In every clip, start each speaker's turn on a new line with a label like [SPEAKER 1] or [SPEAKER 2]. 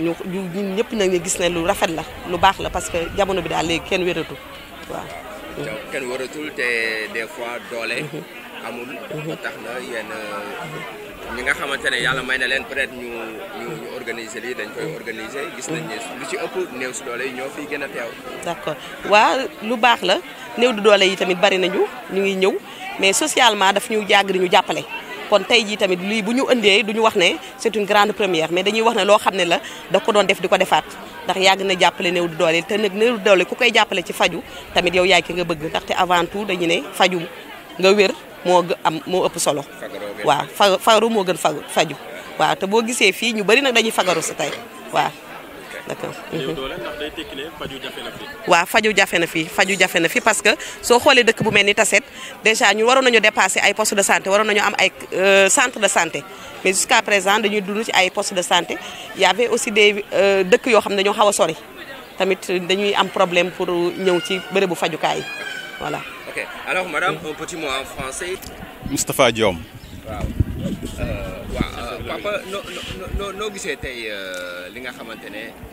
[SPEAKER 1] ñu ñun ñëpp nag ñu gis ne lu rafet la lu baax la parce que jamono bi daal léegi kenn wératu waaw
[SPEAKER 2] kenn waratul te des fois doole mhm. amul mhm. tax na yenn euh, ñi nga xamantene yalla may na leen peut-être ñu ñu ñu organiser li dañ koy organiser gis nañ ne lu ci ëpp néew si doole yi ñoo fiy gën a teew
[SPEAKER 1] d'accord waa lu baax la néew du doole yi tamit bari nañu ñu ngi ñëw mais socialement daf ñu jàgg di ñu jàppale kon tay ji tamit li buñu ëndé duñu wax né c'est une grande première mais dañuy wax né lo xamné la da ko doon def diko defaat ndax yag na jappalé né du doole té nak né du doole ku koy jappalé ci faju tamit yow yaay ki nga bëgg ndaxte avant tout dañu né faju nga wër mo am mo ëpp solo wa fa faru moo gën faju wa té bo gisee fi ñu bari nak dañuy fagaru sa tay wa d'accord.
[SPEAKER 3] Mhm. waaw faju
[SPEAKER 1] jafe na fii faju jafe na fii parce que soo xoolee dëkk bu mel ni Tassette déjà ñu waroon nañu dépasser ay poste de santé waroon nañu am ay euh, centre de santé mais jusqu'à présent dañuy dund ci ay poste de santé y avait aussi des euh, dëkk yoo xam ne ñoo xaw a sori tamit dañuy am problème pour ñëw ci bërëbu fajukaay yi voilà.
[SPEAKER 3] ok alors madame mhm. un petit mot en français.
[SPEAKER 1] Moustapha Diom. waaw
[SPEAKER 2] euh, waaw papa li nga xamante ne.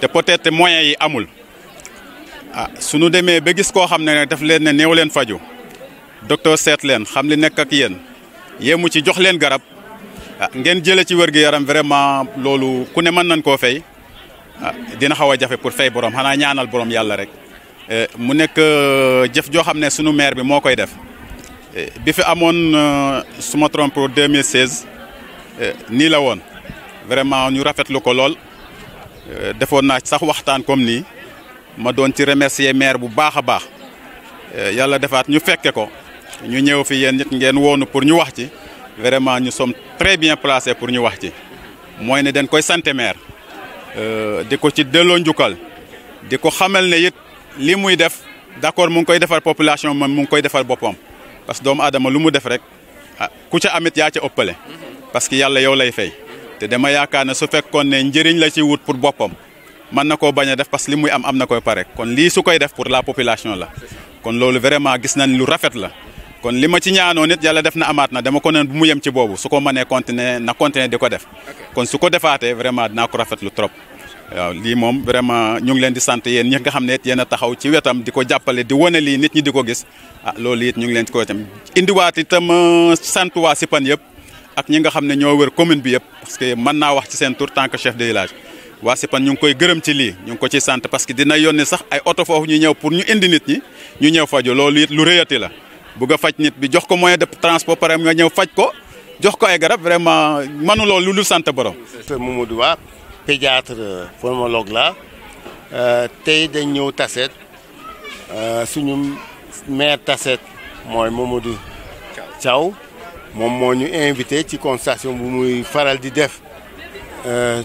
[SPEAKER 4] te peut-être moyens yi amul ah suñu demee ba gis koo xam ne daf leen ne néew leen faju docteur seet leen xam li nekk ak yéen yéemu ci jox leen garab ngeen jëlee ci wér gu yaram vraiment loolu ku ne mën nañ koo fay dina xaw a jafe pour fay borom xanaa ñaanal borom yàlla rek mu nekk jëf joo xam ne sunu maire bi moo koy def bi fi amoon su ma trompe 2016 nii la woon vraiment ñu rafetlu ko lool. Euh, defoon naa sax waxtaan comme nii ma doon ci remercier maire bu baax a baax euh, yàlla defaat ñu fekke ko ñu ñëw fi yéen nit ngeen woonu pour ñu wax ci vraiment ñu sommes très bien placés pour ñu wax ci mooy ne dañ koy sante maire euh, di ko ci delloo njukkal di ko xamal ne it li muy def d'accord mu ngi koy defal population moom mu ngi koy defal boppam parce que doomu aadama lu mu def rek ah, ku ca amit yaa ca ëppale parce que yàlla yow lay fay te dama yaakaar na su fekkoon ne njëriñ la ci wut pour boppam mën na ko bañ a def parce que li muy am am na koy pare kon li su koy def pour la population la kon loolu vraiment gis nañ lu rafet la kon li ma ci ñaanoo nit yàlla def na amaat na dama ko neen bu mu yem ci boobu su ko mënee continuer na continuer di ko def kon su ko defaatee vraiment dinaa ko rafetlu trop waaw lii moom vraiment ñu ngi leen di sant yéen ñi nga xam ne it yéen a taxaw ci wetam di ko jàppale di wane lii nit ñi di ko gis ah loolu it ñu ngi leen ko itam indiwaat itam euh, sant waa Sipan yëpp ñi nga xam ne ñoo wër commune bi yëpp parce que mën naa wax ci seen tur tant que chef de village waa Sipan ñu ngi koy gërëm ci lii ñu ngi ko ci sant parce que dina yónni sax ay oto foofu ñu ñëw pour ñu indi nit ñi ñu ñëw faju loolu it lu rëyati la bugg faj nit bi jox ko moyen de transport pare nga ñëw faj ko jox ko ay garab vraiment mënu loolu lu dul sant borom. Docteur Mamadou Ba
[SPEAKER 2] pédiatre pulmologue la euh, tey dañ ñëw taset euh, suñu maire Tassette mooy Mamadou Thiaw. Mon moo ñu invité ci constatation bu muy faral di def euh,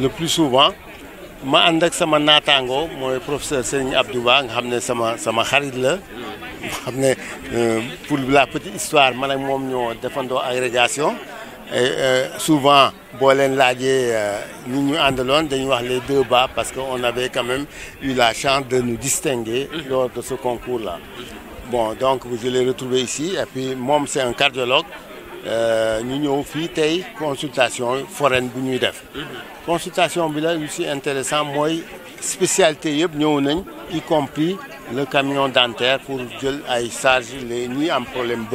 [SPEAKER 2] le plus souvent ma ànd ak sama natango professeur Serigne Abdouba, nga xamné sama sama xarit la xamné euh, pour la petite histoire man ak mom ñoo defandoo agrégation et euh, souvent bo len laajee ñi ñu andalon dañ wax les deux bas parce que on avait quand même eu la chance de nous distinguer lors de ce concours là bon donc je l'ai retrouvé ici et puis mom c'est un cardiologue nous avons fait des consultation foraine bu consultation bi la spécialité y compris le camion dentaire pour jël les ñi am problème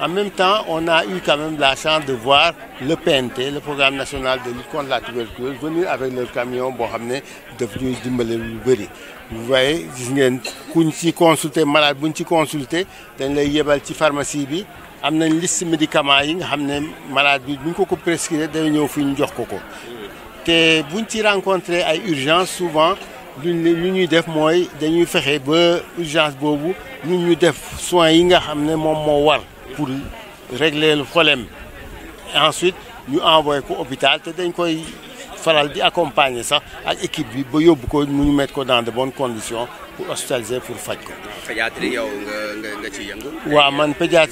[SPEAKER 2] en même temps on a eu quand même la chance de voir le PNT le programme national de lutte contre la tuberculose venir avec leur camion pour ramener de vous voyez consulter malade les pharmacies am nañ liste médicaments yi nga xam ne malade bi buñ ko ko prescrire dana ñëw fi ñu jox ko ko te buñ ci rencontré ay urgence souvent luñ lu ñuy def mooy dañuy fexe ba urgence boobu ñun ñu def soins yi nga xam ne moom moo war pour régler le problème ensuite ñu envoyé ko hôpital te dañ koy faral di accompagner sax ak équipe bi ba yóbbu ko mu ñu mettre ko dans de bonnes conditions pour hospitaliser pour faj ah, yow nga nga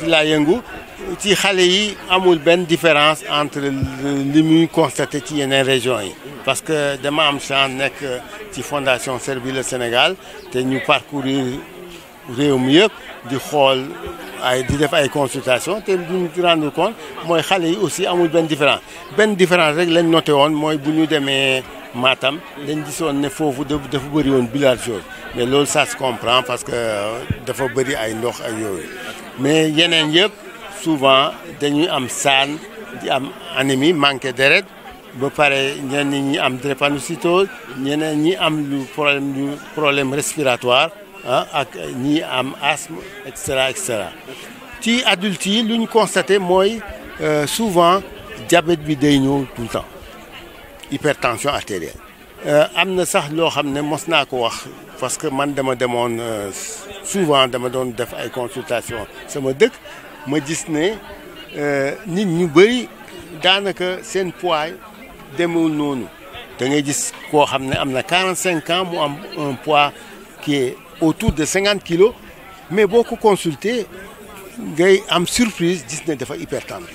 [SPEAKER 2] ci différence entre les région parce que demain, am la fondation le Sénégal te parcourir au mieux, du hall, consultations, nous consultation te rendre compte aussi une différence Une différence Matam dañ gisoon ne foofu dafa bëri woon villageois mais loolu ça se comprend parce que euh, dafa bëri ay ndox ak yooyu mais yeneen yëpp souvent dañuy am saan di am anémie manqué deret ba pare ñenn ñi am drépanocytose ñeneen ñi am lu problème lu problème respiratoire ah ak ñi am asthme et cetera et cetera ci adultes yi lu ñu constaté mooy euh, souvent diabète bi day ñëw tout le temps hypertension artérielle euh, am na sax loo xam ne mos ko wax parce que man dama demoon euh, souvent dama doon def ay consultation sama dëkk ma gis ne euh, nit ñu bëri daanaka seen poids demul noonu da ngay gis koo xam ne 45 ans mu am un poids qui est autour de 50 kilos mais beaucoup ko consulter ngay am surprise gis ne dafa hypertendu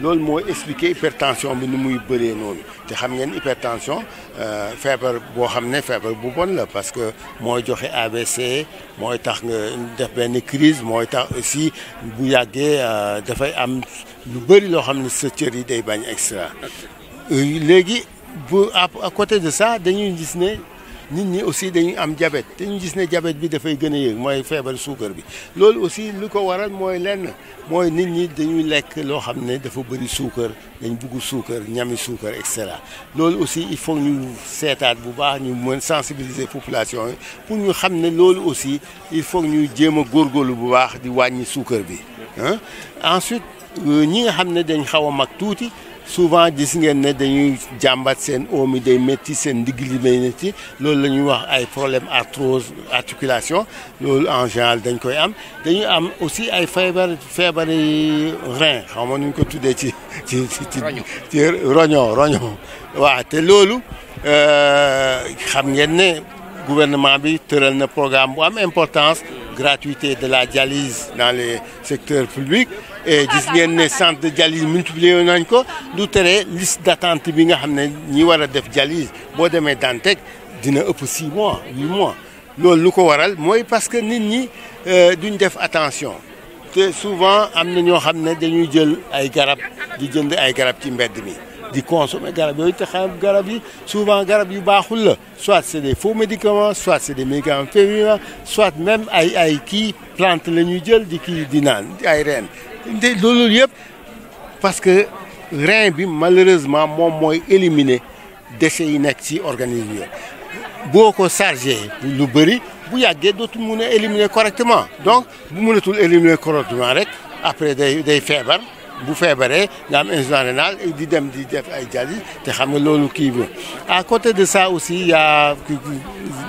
[SPEAKER 2] loolu moo expliqué hypertension bi ni muy bëree noonu te xam ngeen hypertension euh, feebar boo xam ne feebar bu bon la parce que mooy joxe abc mooy tax nga def benn crise mooy tax aussi bu yàggee euh, dafay am lu bëri loo xam ne sa cër yi day bañ extra euh, léegi bu à côté de ça dañuy gis ne nit ñi aussi dañuy am diabète te ñu gis ne diabète bi dafay gën a yéeg mooy feebar suukar bi loolu aussi lu ko waral mooy lenn mooy nit ñi dañuy lekk loo xam ne dafa bëri suukar dañ bugg suukar ñami suukar et cetera loolu aussi il faut ñu seetaat bu baax ñu mën sensibiliser population yi pour ñu xam ne loolu aussi il faut ñu jéem a góorgóorlu bu baax di wàññi suukar bi ah ensuite euh, ñi nga xam ne dañ xaw a mag tuuti souvent gis ngeen ne dañuy jàmbat seen oom yi day métti seen ndigg li day loolu la ñuy wax ay problème arthrose articulation loolu en général dañ koy am dañuy am aussi ay feebar feebari rein xam nga nu ñu ko tuddee ci ci ci ci roño roño waaw te loolu euh, xam ngeen ne gouvernement bi tëral na programme bu am importance gratuité de la dialyse dans les secteurs publics eh, gis ngeen ne centre de dialyse multiplié nañ ko du téré liste d'attente bi nga xamné ñi wara def dialyse bo démé Dantec dina ëpp 6 mois 8 mois loolu lu ko waral moy parce que nit ñi euh duñ def attention té souvent amna ño xamné xam dañuy jël ay garab di jënd ay garab ci mbedd mi di consommer garab yooyu te xam garab yi souvent garab yu baxul la soit c'est des faux médicaments soit c'est des médicaments féminins soit même ay ay ki plante la jël di ki di nan ay reine de loolu yëpp parce que rein bi malheureusement moom mooy éliminer déchets yi nekk ci organisme yi boo ko chargé lu bëri bu yàggee dootul mun a éliminer correctement donc bu mënatul éliminer correctement rek après day day feebar bu feebaree nga am insuffisance rénale di dem di def ay dialyse te xam nga loolu kii bi à côté de ça aussi il y a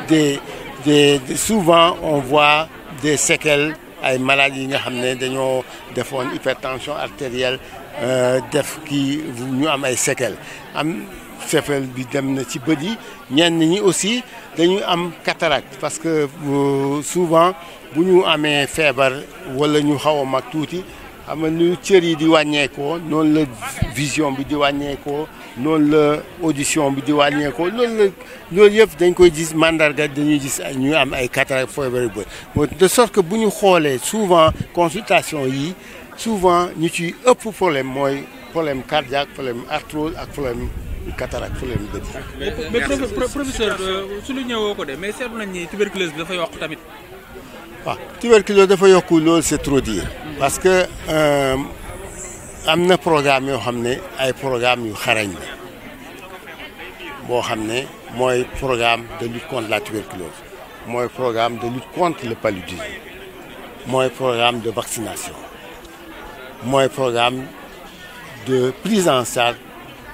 [SPEAKER 2] des des souvent on voit des séquelles ay maladies yi nga xam ne dañoo defoon hypertension artérielle euh, def qui ñu am ay séquelles am séquelle bi dem na ci bët yi ñenn ñi aussi dañuy am cataract parce que euh, souvent bu ñu amee feebar wala ñu xaw a mag tuuti xam nga nu cër yi di wàññeekoo noonu la vision bi di wàññeekoo non la audition bi di ko loolu la lool yëpp dañ koy gis mandarga dañuy gis ñu am ay cataracte feebar mais de sorte que buñu xolé souvent consultation yi souvent ñu ci ëpp problème moy problème cardiaque problème arthrose ak problème cataract problème bët.
[SPEAKER 4] mais professeur euh, su lu ñëwoo ko de mais seetlu nañ ni tuberculose dafa yokk tamit.
[SPEAKER 2] wa ah, tuberculose dafa yokk lool c'est trop dire. parce que. euh amna programme yo xam ay programme yu xarañ la boo programme de lutte contre la tuberculose un programme de lutte contre le paludisme un programme de vaccination un programme de prise en charge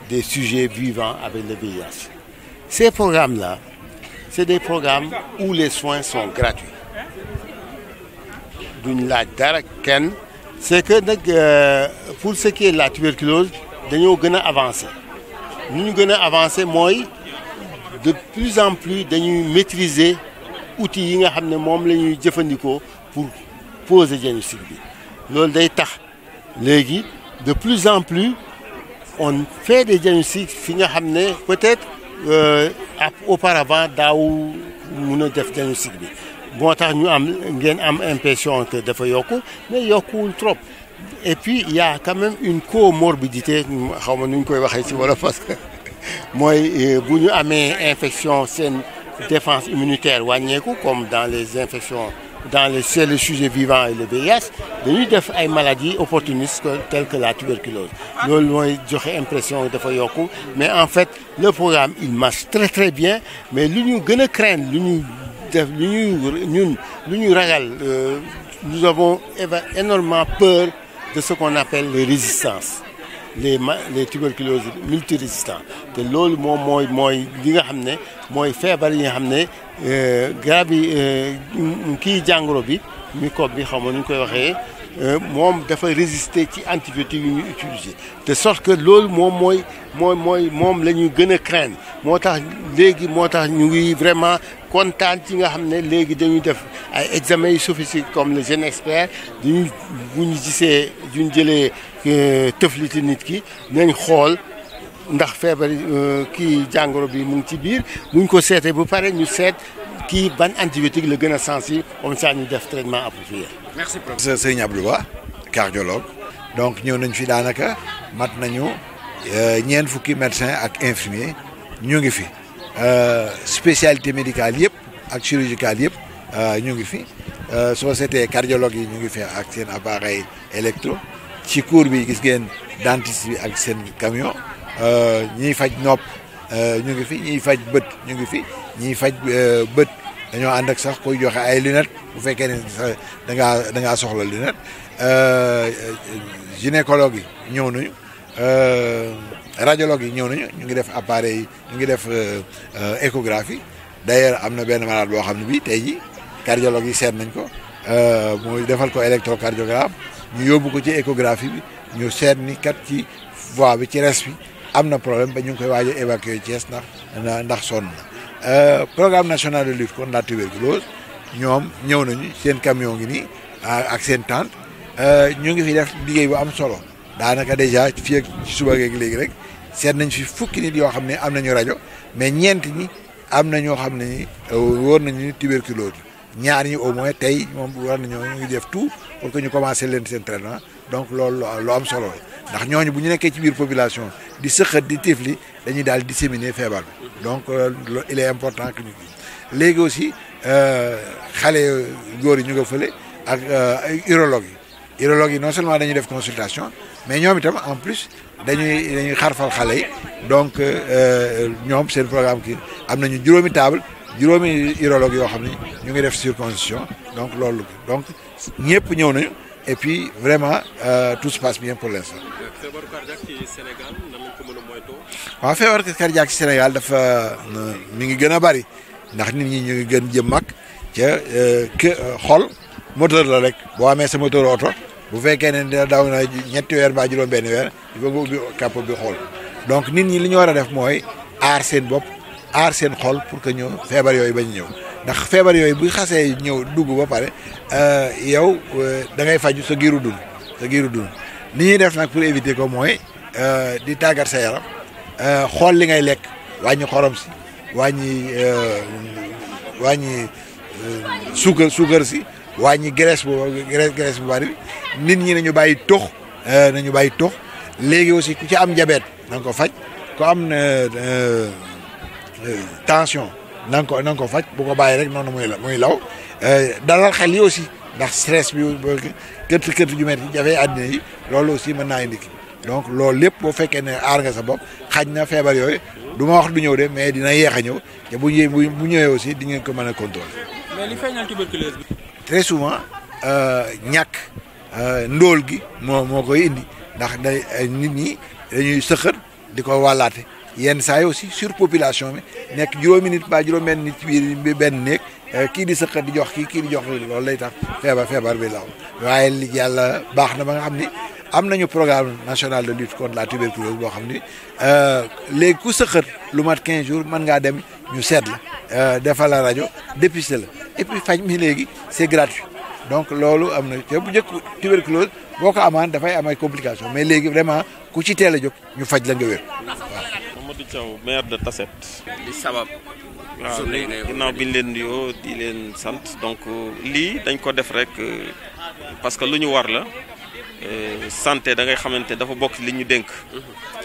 [SPEAKER 2] des sujets vivants avec le VIH. Ces programmes-là, c'est des programmes où les soins sont gratuits. D'une la c'est que euh, pour ce qui est de la tuberculose nous avons avancer. avancé Nous avons avancé de plus en plus nous maîtriser outils yi nous avons ne pour poser diagnostic bi loolu day tax de plus en plus on fait des diagnostics fi nga peut-être euh, auparavant daaw mun a def Bon, tax ñu am ngeen am impression que dafa yokku mais yokkuwul trop et puis il y a quand même une comorbidité xaw ma nu ñu koy waxee ci wala parce que euh, bu ñu infection seen défense immunitaire comme dans les infections dans les cellules vivant et le VIH dañuy def ay maladies opportunistes telles que la tuberculose loolu mooy joxe impression dafa yokku mais en fait le programme il marche très très bien mais lu ñu gën a craindre lu ñu def lu ñuy ñun lu ñu ragal euh, nous avons énormément peur de ce qu'on appelle les résistances les les tuberculoses multirésistants té loolu moom mooy mooy li nga xam ne mooy feebar yi nga xam ne euh, garab yi euh, kii jàngoro bi microbe bi xam ñu koy waxee moom dafa résister ci antibiotiques yu ñu utiliser de sorte que loolu moom mooy mooy mooy moom la ñu gën a craindre moo tax léegi moo tax ñu ngi vraiment kontaan ci nga xamné légui léegi dañuy def ay examen yu sophistiqués comme le jeune expert dañuy bu ñu gisee duñ jëlé euh, tëfliti nit ki nañ xool ndax feebar euh, ki jangoro bi mu ngi ci biir buñ ko sété bu paré ñu sét ki ban antibiotique le gëna a sensible comme ça ñu def traitement approprié.
[SPEAKER 3] merci
[SPEAKER 5] professeur Serigne Abdou Ba cardiologue. donc ñëw nañ fi danaka mat nañu euh, ñeen fukki médecin ak infirmier ñu ngi fi. Euh, spécialité médicale yëpp ak chirurgicale yëpp euh, ñu ngi fi euh, soo seetee cardiologue yi ñu ngi fi ak seen appareil électro ci cour bi gis ngeen dentiste bi ak seen camion ñiy faj nopp ñu ngi fi ñiy faj bët ñu ngi fi ñiy faj bët dañoo ànd ak sax koy joxe ay lunettes bu fekkee ne da ngaa da ngaa soxla lunette gynécologue yi ñëw nañu. Euh, radiologue yi ñëw nañu ñu ngi def appareil ñu ngi def euh, euh, échographie d'ailleurs am na benn malade boo xam ne bii tey jii cardiologue yi seet nañ ko mooy defal ko électro électrocardiogramme ñu yóbbu ko ci échographie bi ñu seet ni kat ci voie bi ci res am na problème ba ñu ngi koy waaj a évacuer Thiès ndax ndax sonn programme national de lutte contre la tuberculose ñoom ñëw nañu seen camion ngi nii ak seen tente ñu ngi fi def liggéey bu am solo. daanaka dèjà fii ak ci suba ak léegi rek seen nañ fi fukki nit yoo xam ne am nañu rajo mais ñeenti ñi am na ñoo xam ne ni euh, wóor nañu ni tuberculose ñaar ñi au moins tey moom war nañoo ñu ngi def tout pour que ñu commencé leent seen traitement donc loolu lu am solo la ndax ñooñu bu ñu nekkee ci biir population di sëqat di tifli dañuy daal disséminer feebar bi donc euh, il est important que ñu léegi aussi euh, xale góor yi ñu nga fële ak urologue yi urologue non seulement dañuy def consultation mais ñoom itam en plus dañuy dañuy xarfal xale yi donc euh, euh, ñoom seen programme kii am nañu juróomi table juróomi urologue yoo xam ne ñu ngi def circoncision donc loolu donc ñëpp ñëw nañu et puis vraiment euh, tout se passe bien pour l'instant. feebaru cardiaque ci Sénégal nan lañ ko mën a moytoo. waaw feebaru cardiaque ci Sénégal dafa euh, mi ngi gën a bari ndax nit ñi ñu ngi gën jëm mag ca xol. moteur la rek boo amee sa moteur oto bu fekkee ne dina daw na ñetti weer ba juróom benn weer il faut nga ubbi capot bi xool donc nit ñi li ñu war a def mooy aar seen bopp aar seen xol pour que ñu feebar yooyu bañ ñëw ndax feebar yooyu bu xasee ñëw dugg ba pare euh, yow euh, da ngay faju sa giiru dund sa giiru li ñuy def nag pour éviter ko mooy euh, di tàggat sa yaram xool li ngay lekk wàññi xorom si wàññi wàññi suukar suukar si wañi graisse bu graisse bu bari nit ñi nañu tox euh nañu tox légui aussi ku ci am diabète ko am eh, eh, eh, tension ko bu ko rek muy la muy law dalal xel aussi ndax stress bi kët kët ju metti jafé yi aussi mën indi donc lolu lepp bo ne sa xajna fièvre yoy duma wax du ñëw mais dina bu aussi di ngeen ko mais
[SPEAKER 4] li tuberculose
[SPEAKER 5] très souvent euh, ñàkk euh, ndool gi moo moo koy indi ndax day nit ñi dañuy sëxër di ko wàllaate yenn saa yi aussi surpopulation bi nekk juróomi nit mbaa juróom-benn nit bi benn néeg euh, kii di sëqat di jox kii kii di jox loolu lay tax feebar feebar bi law waaye li yàlla baax na ba nga xam ni am nañu programme national de lutte contre la tuberculose boo xam ni léegi ku sëqat lu mat 15 jours mën ngaa dem ñu seet la euh, defal la rajo dépister la et puis faj mi léegi c'est gratuit donc loolu am na te bu njëkk tuberculose boo ko amaan dafay am ay mais léegi vraiment ku ci teel a jóg ñu faj la nga wér
[SPEAKER 3] waaw. Mamadou maire de Tasset. li sabab. waaw ginnaaw bi ñu leen nuyoo di leen sant donc euh, lii dañ ko def rek euh, parce que lu ñu war la santé da ngay xamante dafa bokk li ñu dénk. Mhm.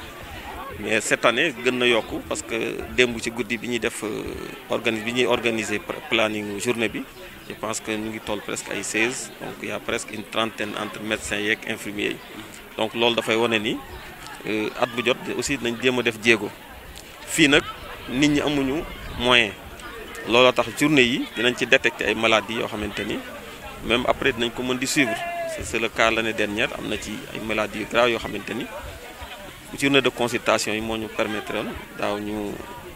[SPEAKER 3] mais cette année il y yokku parce que dembu ci goudi bi ñuy def euh, organisé bi organiser planning journée bi je pense que ñu ngi toll presque ay 16 donc il y a presque une trentaine entre médecins et infirmiers donc donc da fay woné ni euh, at bu jot aussi nañ jéem a def djégo fi nak nit ñi amuñu moyen looloo tax journée yi dinañ ci détecter ay maladies yo xamanteni même après dinañ ko mën di suivre c'est le cas l'année dernière on a ci ay maladies graves yo xamanteni journée de consultation yi moo ñu permettre daaw ñu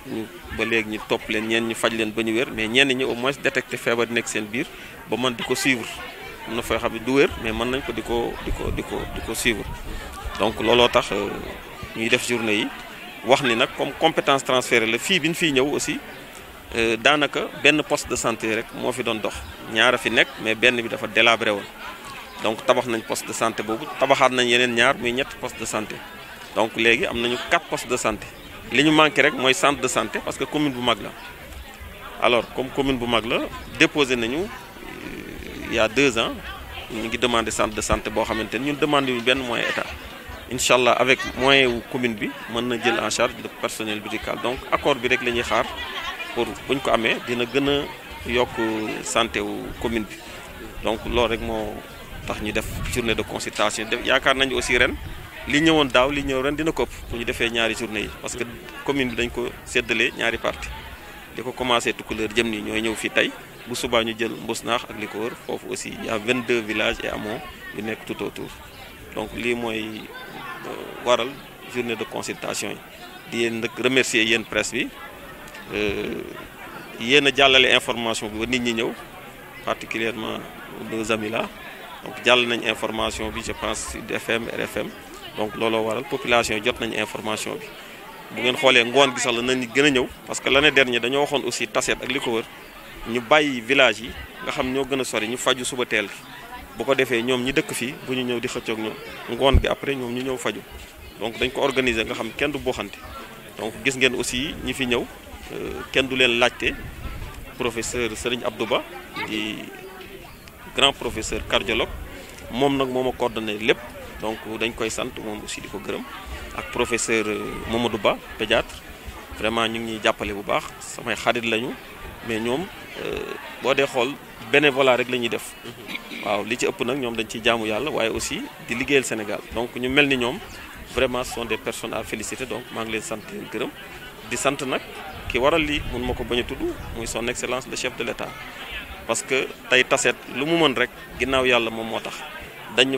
[SPEAKER 3] ñu ba léegi ñu topp leen ñeen ñu faj leen ba ñu wér mais ñenn ñi au moins détecté feebar nekk seen biir ba man di ko suivre mun na fay xam ne du wér mais mën nañ ko di ko di ko di ko di ko suivre donc looloo tax euh, ñuy def journée yi wax ni nag comme compétence transférée la fii bi ñu fiy ñëw aussi euh, daanaka benn poste de santé rek moo fi doon dox ñaar a fi nekk mais benn bi dafa délabré woon donc tabax nañ poste de santé boobu tabaxaat nañ yeneen ñaar muy ñetti poste de santé donc léegi am nañu quatre postes de santé li ñu manqué rek mooy centre de santé parce que commune bu mag alors comme commune bu mag la déposé nañu euh, il y a deux ans nous ngi demandé centre de santé bon, xamante ñun demandé un moyen état inshallah avec moyen ou commune bi mën na en charge le personnel médical donc accord bi rek la pour buñ ko amee dina gën a santé wu commune bi donc loolu rek moo tax ñu def journée de consultation yaakaar nañu aussi ren li ñëwoon daaw li ñëw ren dina ko bu ñu defee ñaari journée yi parce que commune bi dañ ko séddalee ñaari parti di ko commencé Tukulëër jëm ni ñooy ñëw fii tey bu subaa ñu jël Mbusnaax ak li ko wër foofu aussi y a 22 villages et hameaux yu nekk tout autour donc lii mooy euh, waral journée de consultation yi di yéen nag remercier yéen presse bi euh, yéen a jàllale information bi ba nit ñi ñëw particulièrement nos amis là donc jàll nañ information bi je pense Sud FM RFM donc looloo waral population jot nañu information bi bu ngeen xoolee ngoon gi sax la nañ gën a ñëw parce que l'année dernière dañoo waxoon aussi Tassette ak li ko wër ñu bàyyi village yi nga xam ñoo gën a sori ñu faju suba teel bu ko defee ñoom ñi dëkk fii bu ñu ñëw di xëccoog ñoom ngoon gi après ñoom ñu ñëw faju donc dañ ko organiser nga xam kenn du booxante donc gis ngeen aussi ñi fi ñëw euh, kenn du leen laajte professeur Serigne Abdouba di grand professeur cardiologue moom nag moo ma coordonné lépp donc dañ koy sant aussi di professeur euh, Mamadou pédiatre vraiment ñu ngi bu baax xarit lañu mais ñoom euh, boo dee xool bénévolat rek la def waaw li ci ëpp dañ jaamu aussi Sénégal donc ñu mel vraiment sont des personnes à féliciter donc maa ngi leen di ki son excellence le chef de l'État parce que tey qui lu mu mën rek ginnaaw yàlla moom moo dañ ñu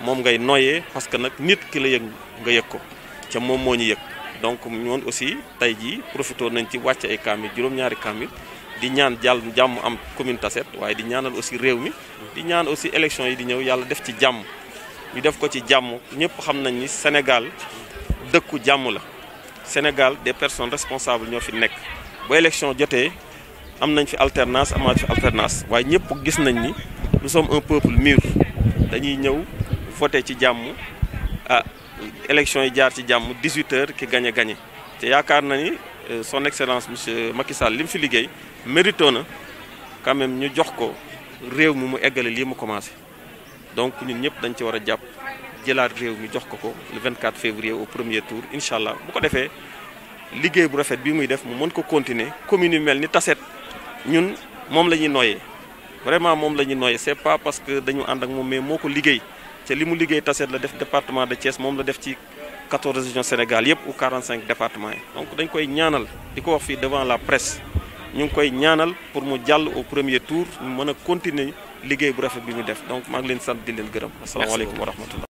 [SPEAKER 3] mom ngay noyé parce que nak nit ki la yëg nga yëg ko ca mom moo ñu yëg donc ñoon aussi tay ji profité nañ ci wacc ay kaamil juroom ñaari kaamil di ñaan jall jamm am commune Tassette waaye di ñaanal aussi réew mi di ñaan aussi élection yi di ñëw yalla def ci jamm ñu def ko ci jamm ñepp xam nañ ni Sénégal dëkku jamm la Sénégal des personnes responsables ñoo fi nekk ba élection jotee am nañ fi alternance amaat fi alternance waaye ñëpp gis nañ ni nous sommes un peuple mûr dañuy ñëw voté ci jamm ah élection yi jaar ci jamm 18 heures ki gagné gagné té yakar yaakaar na ni euh, son excellence monsieur Macky Sall lim fi liggéey mérito na quand même ñu jox ko réew mu mu égalé li mu commencé donc ñun ñëpp dañ ci wara japp jàpp jëlaat réew mi jox ko ko le 24 février au premier tour Inshallah. bu ko défé liggéey bu rafet bi muy def mu mën ko continuer commune yu mel ni Tassette ñun mom lañuy noyé vraiment mom lañuy noyé c'est pas parce que dañu and ak mom mais moko liggéey te li mu liggéey Tassette la def département de Thiès moom la def ci 14 régions Sénégal yépp ou 45 départements yi donc dañ koy ñaanal di ko wax fii devant la presse ñu ngi koy ñaanal pour mu jàll au premier tour ñu mën a continuer liggéey bu rafet bi mu def donc maa ngi leen sant di leen gërëm asalaamaaleykum wa rahmatullah